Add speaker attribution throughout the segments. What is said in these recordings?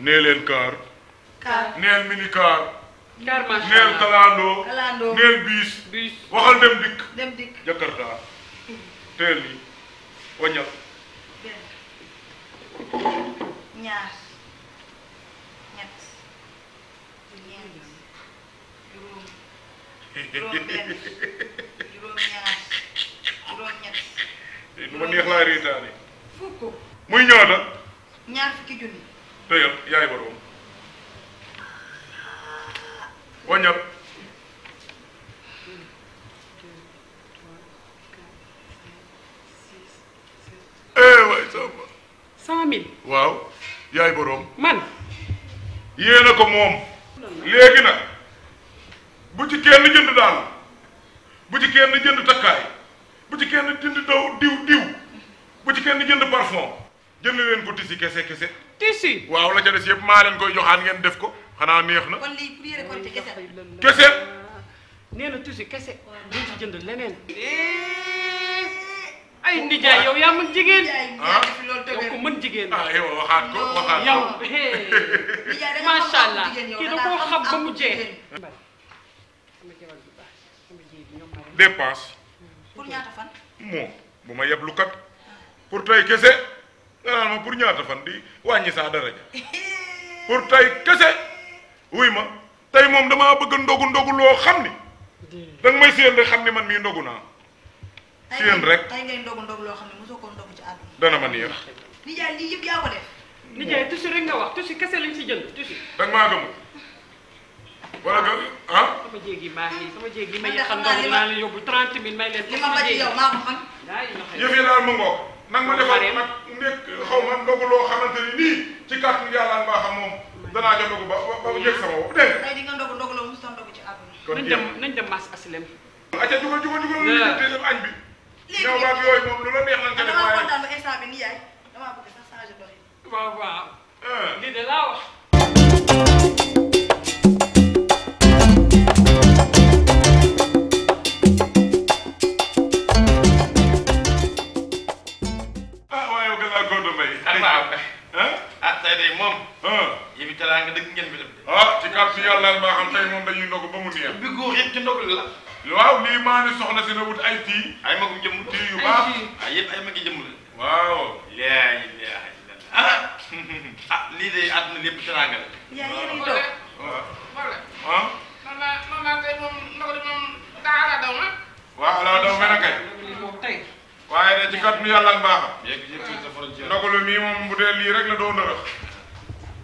Speaker 1: nee leen kaar. kaar neel mini kaar. kaar macha allah neel kalaandoo. kalaandoo neel biis. biis waxal dem dikk. dem dikk jakarta teel nii waññal. benn ñaar ñett ñeent juróom juróom benn juróom ñaar juróom ñett. lu eh, ma neex laa reetaane. fukk. muy ñaata. ñaar fukki junni. doyal yaay boroom wañal eh waay Samba. cent waaw yaay boroom. man. yéena ko moom. léegi nag bu ci kenn jënd daal bu ci kenn jënd takkaay bu ci kenn jënd daw diw diw bu ci kenn jënd parfum jënd leen ko tisi kese kese. tissu. waaw la ca des yëpp maa leen koy joxaan ngeen def ko xanaa neex na. kon lii prière kon te kese. kese. nee kese. duñ ci jënd leneen. Eh. ay nijaay yaa mën jigéen. ah yow mën jigéen. ah yow waxaat ko waxaat ko yow. macha allah kii da koo xam ba mu jeex. dépense. bu ma yeblu kat. pour kese. nga naan ma pour ñaata fan di wàññi saa daraja pour moom damaa bëgg ndogu loo xam ni danga may xam ni man mii ndogu naa séen rek tey ngay ndogu ndogu loo xam ne mosoo ko ndogu ci yëpp yaa wax tusi kese lañ si jënd tusi danga maa gëmu wala ah. Ah? sama jéeg yi xam ndogu naa leen yóbbu trente mille may ma bëgg nekk xaw ma ndogu loo xamante ni nii ci kàttan yàlla mbaa xam moom danaa ca ndogu ba ba yëg sama bopp dégg nga. di nga ndogu ndogu loo mosut a ndogu ci àdduna. kon nañ dem nañ dem mas asilem. acca jugal jugal jugal lu añ bi. léegi ñëw yooyu moom lu la neex nañ ko def waaye. bi nii
Speaker 2: waaw waaw. Eh. lii de laa wax.
Speaker 1: ah tey day moom yéen i teraanga dëgg ngeen bi def de ah ci kàttu yàlla maa xam tey moom dañuy ndog ba mu neex bi góor yëpp ci ndog la waaw lii maa ni soxna si na wut ay tii ay magum jëmm tii yu baax ah yëpp ay magi jëmm la waaw laa ilaaha illallah ah. ah lii de àdduna lépp teraanga la
Speaker 2: yaa yéen i toog
Speaker 1: ah moom laa tey moom ndog di moom daa alaa daw na waaw alaa daw me na kay waaye de ci kàttu yàlla ndogalu mii moom bu dee lii rek la doo ndërëx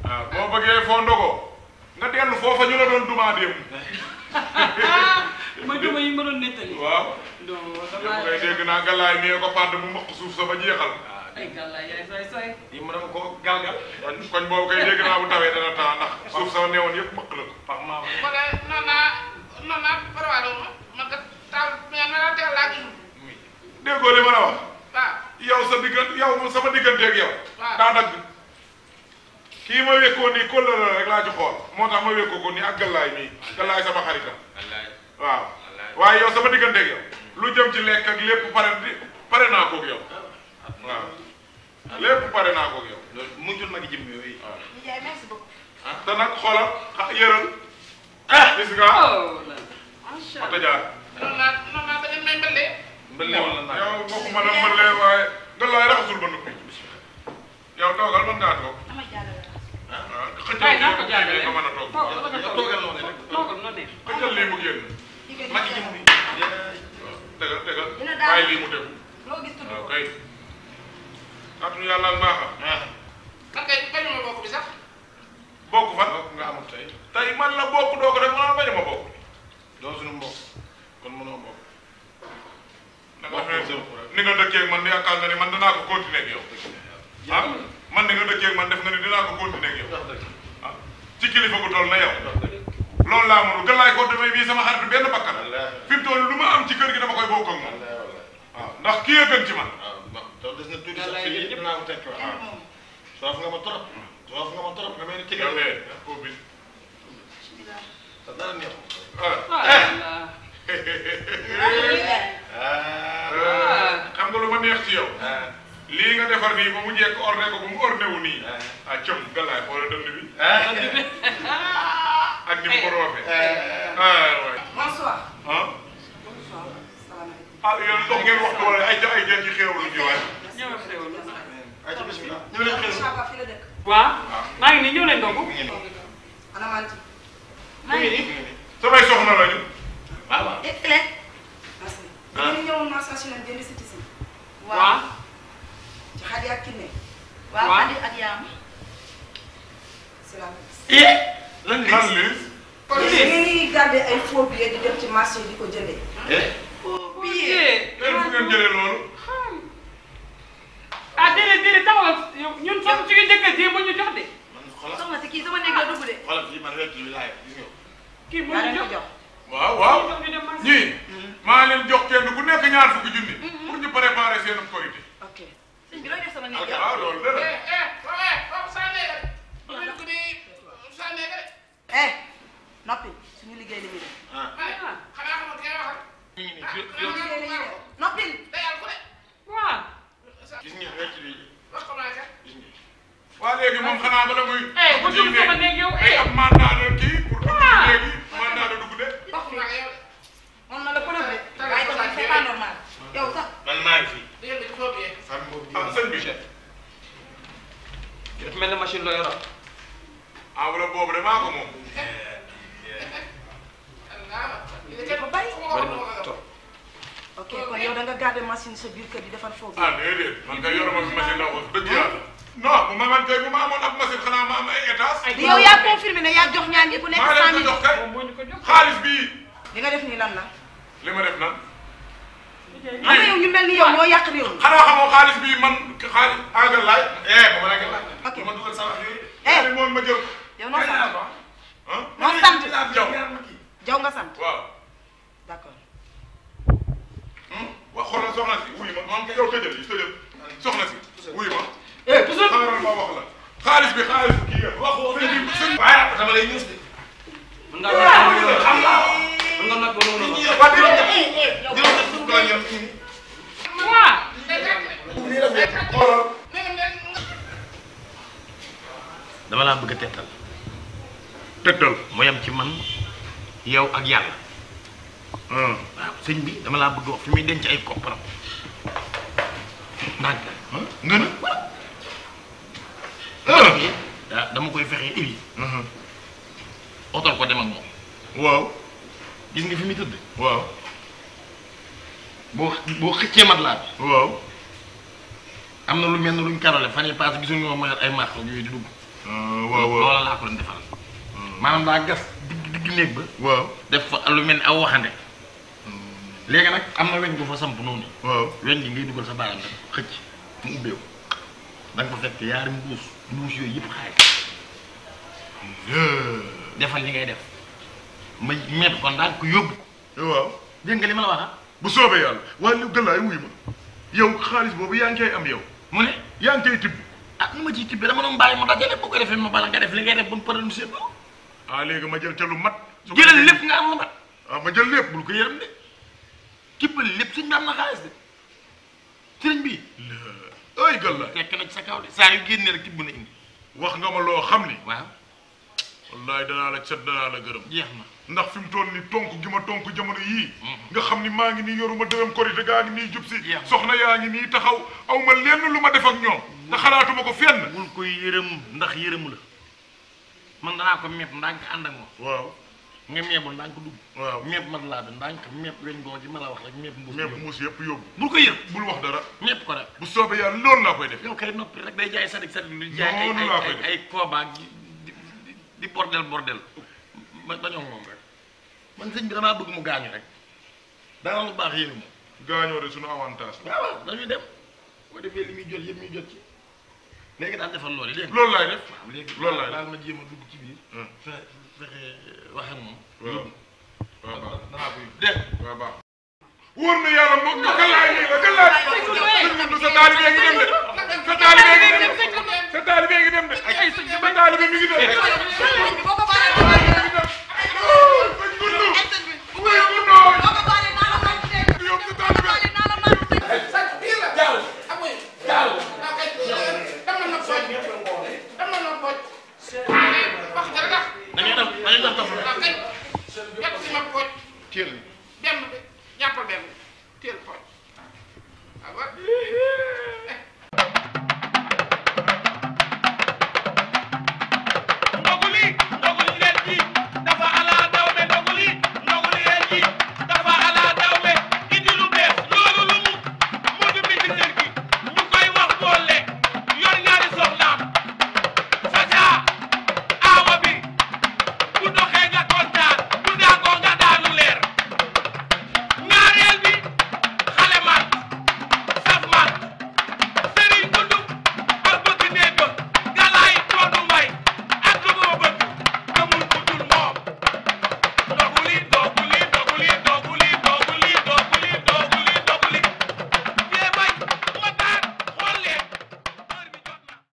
Speaker 1: waaw boo bëggee foo ndogo nga dellu foofa ñu la doon dumaa démb. ma doon nettali. waaw. non damaa suuf sa ba jeexal. ay koñ boobu kay dégg naa bu tawee dana taa ndax suuf sa neewoon yëpp mbokk la ko. par maa ma nga taw mais na la teel laa gis. déggoo li ma la yow sa diggante yow sama digganteeg yow. daa dagg kii ma wékkoon nii kóllëre rek laa ci xool moo tax ma wékkoo ko nii ak gàllaay mii gàllaay sama xarita waaw waaye yow sama digganteeg yow lu jëm ci lekk ak lépp pare pare naa koog yow waaw lépp pare naa koog yow. loolu mujjul ma gi jëm yooyu. waaw merci beaucoup. Ah, te nag xoolal xa ah, yëral. ah gis nga. Oh, macha allah mbëllee wala naaj yow bokkuma la mbëllee waaye la laay raxasul ba noppi yow toogal mën ngaa toog. xëccal lii mu génn a toog. toogal noonu rek xëccal lii mu génn. magi jëm tegal tegal bàyyi lii mu def. waaw ah, kay. kàttu yàlla ak baaxam. man ah. kay bañu ma bokk bi sax. bokk fan. nga man la bokk doo ko man bañu ma man yaakaar na ne man danaa ko continuer ak yow ah man ni nga dëkkee man def nga ne dinaa ko continuer ak yow ah ci kilifa gu toll na yow loolu laa mënu galaay koo demee bii sama xarit benn bakkan fi mu toll lu ma am ci kër gi dama koy bokk ah, ndax kii a gën ah, ma trop soof nga ma trop ah. nga mel ni am nga lu ma neex ci yow. Ah. lii nga defar nii ba mu jekk orné ko ba mu orné wu nii. ah, ah cëm galaay xoolal dënd bi. Ah.
Speaker 2: ak ni mu ko roofee. bonsoir.
Speaker 1: ah. bonsoir. ah yow ndox ngeen waxtu wala ay ja ay ja ci xéewalu ñu waay. ñëwal xéewalu. ayca bisimilah ñu leen xéewal. waaw maa ngi nii ñëw leen dong. ana man ci. maa ngi nii. samay soxna lañu. waaw waaw. dégg nga. merci. ñu ñëwoon marché si
Speaker 2: H&M leen jënd si
Speaker 1: waaw ci xadi ak kinne. waaw xadi ak yaama.
Speaker 2: salaamaaleykum.
Speaker 1: Eh? lan li lan li. kon
Speaker 2: ngeen garder ay faux billets di dem ci marché di ko jëndee.
Speaker 1: Eh? faux billets. fu ngeen jëlee loolu. ah déedéet déedéet taxawal ñun sama suñu jëkkër ji mu ñu jox de. man xoolal soxna si kii sama néeg la dugg de. xoolal fii man rek kii bi laay gis nga. kii mu ñu jox waaw waaw ñii maa leen jox kenn ku nekk ñaar fukki junni mm-hmm. pour ñu préparer seen korité ok sëñ bi looy def sama njaboot ah, waaw loolu eh, eh, eh, dara eh noppi suñu liggéey li ah. ñu def ah,
Speaker 2: xanaa xamul kay waxal
Speaker 1: waa léegi moom xanaa bala muy eh bu dul sama néeg yow eh ab mandat la kii mel ne machine la yoroon. enveloppe boobu de maa ko moom. ok kon yow da nga garder machine sa biir kër di defar foofu. ah déedéet man kay yoruma fi machine la wax dëgg yàlla. non bu ma man kay bu ma amoon ab machine xanaa ma am ay étage. ay yow yaa confirmé ne yaa jox ñaar ñi ku nekk. maa leen ko jox kay xaalis bii. li nga def nii lan la. li ma def nan. am na yow ñu mel ni yow moo yàq réew mi. xanaa xamoo xaalis bii man xaalis àggal laay. eh ba ma àggal laay. eh moom ma jël. yow noo sant ah. noo sant jaw jaw nga sant. waaw d'accord. Hmm? waaw xoolal soxna si wuy ma maam yow tëjal yi tëjal soxna si wuy ma. Eh, eh toujours xaaral ma wax la xaalis bi xaalis kii nga waxoo sëñ bi. waaw dama lay ñuus de. mën ngaa wax xam nga mën nga nag
Speaker 2: mën nga wax.
Speaker 1: dama laa bëgg a tettal tettal mooy am ci man yow ak yàlla hmm. waaw sëñ bi dama laa bëgg wax fi muy denc ay kopparam ndànk nga hmm? hmm. dama koy fexe ah, iri ko dem moom waaw gis nga fi muy tëdd waaw boo boo xëccee mat laa waaw am na lu mel ne luñ karole fan yii paase gisuñu ma ay maax yooyu di dugg Euh, waaw laa ko doon defal. Hmm. maanaam daa gas digg digg néeg ba. def fa lu mel ni aw waxande. Hmm. léegi nag am na weñ bu fa samp noonu. waaw gi ngay dugal sa baaraam rek xëcc mu ubbeewu da nga ko fekk yaari mbuus yooyu yëpp hmm. defal li ngay def ma met ko yóbbu. waaw dégg nga li ma la ah? bu soobee yàlla wala lu gën laay xaalis boobu yaa ngi koy am yow. mu ne yaa ngi tibb. ah nu ma ciy tibbee dama doon bàyyi ma dajale boo ko defee ma bala nga def li ngay def ba mu prononcé ko. ah léegi ma jël ca lu mat. su ko jëlal lépp nga am lu mat. ah ma jël lépp bul ko yërëm de. tibbal lépp sëñ bi am na xaalis de sëñ bi. ay gàllankoor fekk na ci sa kaw de saa yu génnee rek tibb na indi. wax nga ma loo xam ni waa wallaay danaa la cat danaa la gërëm jeex na ndax fi mu toll ni tonk gi ma tonk jamono yii mhm. nga xam ni maa ngi nii yoruma dërëm korite gaa ngi nii jub si soxna yaa ngi nii taxaw aw ma lenn lu ma def ak ñoom te xalaatuma ko fenn bul koy yërëm ndax yërëmu la man danaa ko meeb ndànk ànd ak moom waaw nga meebul ndànk dugg waaw meeb mag laa bi ndànk meeb weñ wax rek meeb yëpp yóbbu bul ko yërëm bul wax ko rek bu soobee yàlla loolu laa koy def yow kay noppi rek day jaay sadik sadik lu jaay ay di bordel bordel ma bañoo moom rek man sëñ bi damaa bëgg mu gaañu rek dana lu baax yéen moom. gaañoo de suñu avantage la. waaw dañuy dem boo defee li muy jot yëpp ñuy jot ci léegi daal defal loolu léegi. loolu laay def waaw léegi. loolu laay def daal ma jéem a dugg ci biir. Hmm. fe fexe wax moom. waaw waaw danaa ko waaw baax wóor na yàlla moom ka laay nii la ka laay sëñ Ndour sa taalibe ngi dem de sa taalibe ngi dem de sa taalibe ngi dem de sa taalibe mi ngi
Speaker 2: dem de